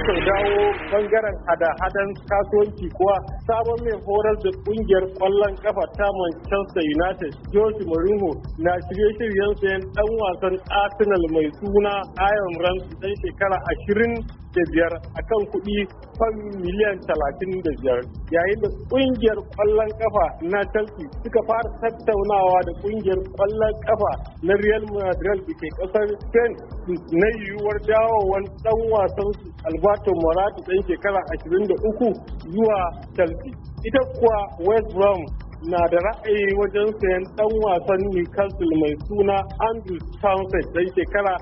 muka dawo bangaren hada-hadan kasuwanci kuwa sabon mai horar da kungiyar kwallon kafa ta Manchester United Jose Mourinho na shirye-shiryen sayan dan wasan Arsenal mai suna Iron Ramsey dan shekara ashirin da biyar a kan kuɗi kwan miliyan talatin da biyar yayin da ƙungiyar ƙwallon ƙafa na Chelsea suka fara tattaunawa da ƙungiyar ƙwallon ƙafa na Real Madrid da ke ƙasar Spain na yiwuwar dawowar ɗan wasan Alberto Morata ɗan shekara uku zuwa Chelsea. Ita kuwa West Brom na da ra'ayi wajen sayan dan wasan Newcastle mai suna Andrew Townsend dan shekara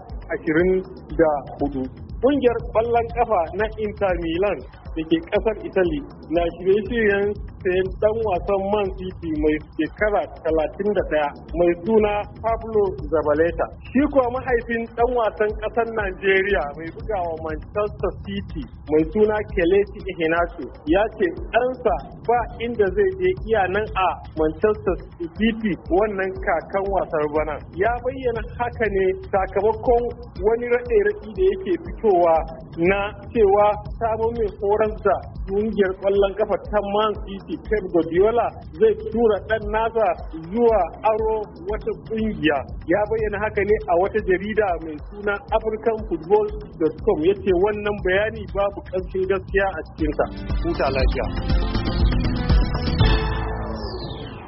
hudu. kungiyar ƙwallon ƙafa na Inter Milan da ke kasar italy na shirye-shiryen sayan dan wasan man city mai shekara 31 mai suna pablo zabaleta shi kuwa mahaifin dan wasan kasar Najeriya mai bugawa manchester city mai suna Kelechi ihenacho ya ce ɗansa ba inda zai je iya nan a manchester city wannan kakan wasar bana ya bayyana haka ne sakamakon wani raɗe-raɗi da yake fitowa na cewa sabon mai horar da kungiyar kwallon kafa ta Man City Pep Guardiola zai tura ɗan nasa zuwa aro wata kungiya ya bayyana haka ne a wata jarida mai suna ya ce wannan bayani babu ƙarfin gaskiya a cikinsa huta lafiya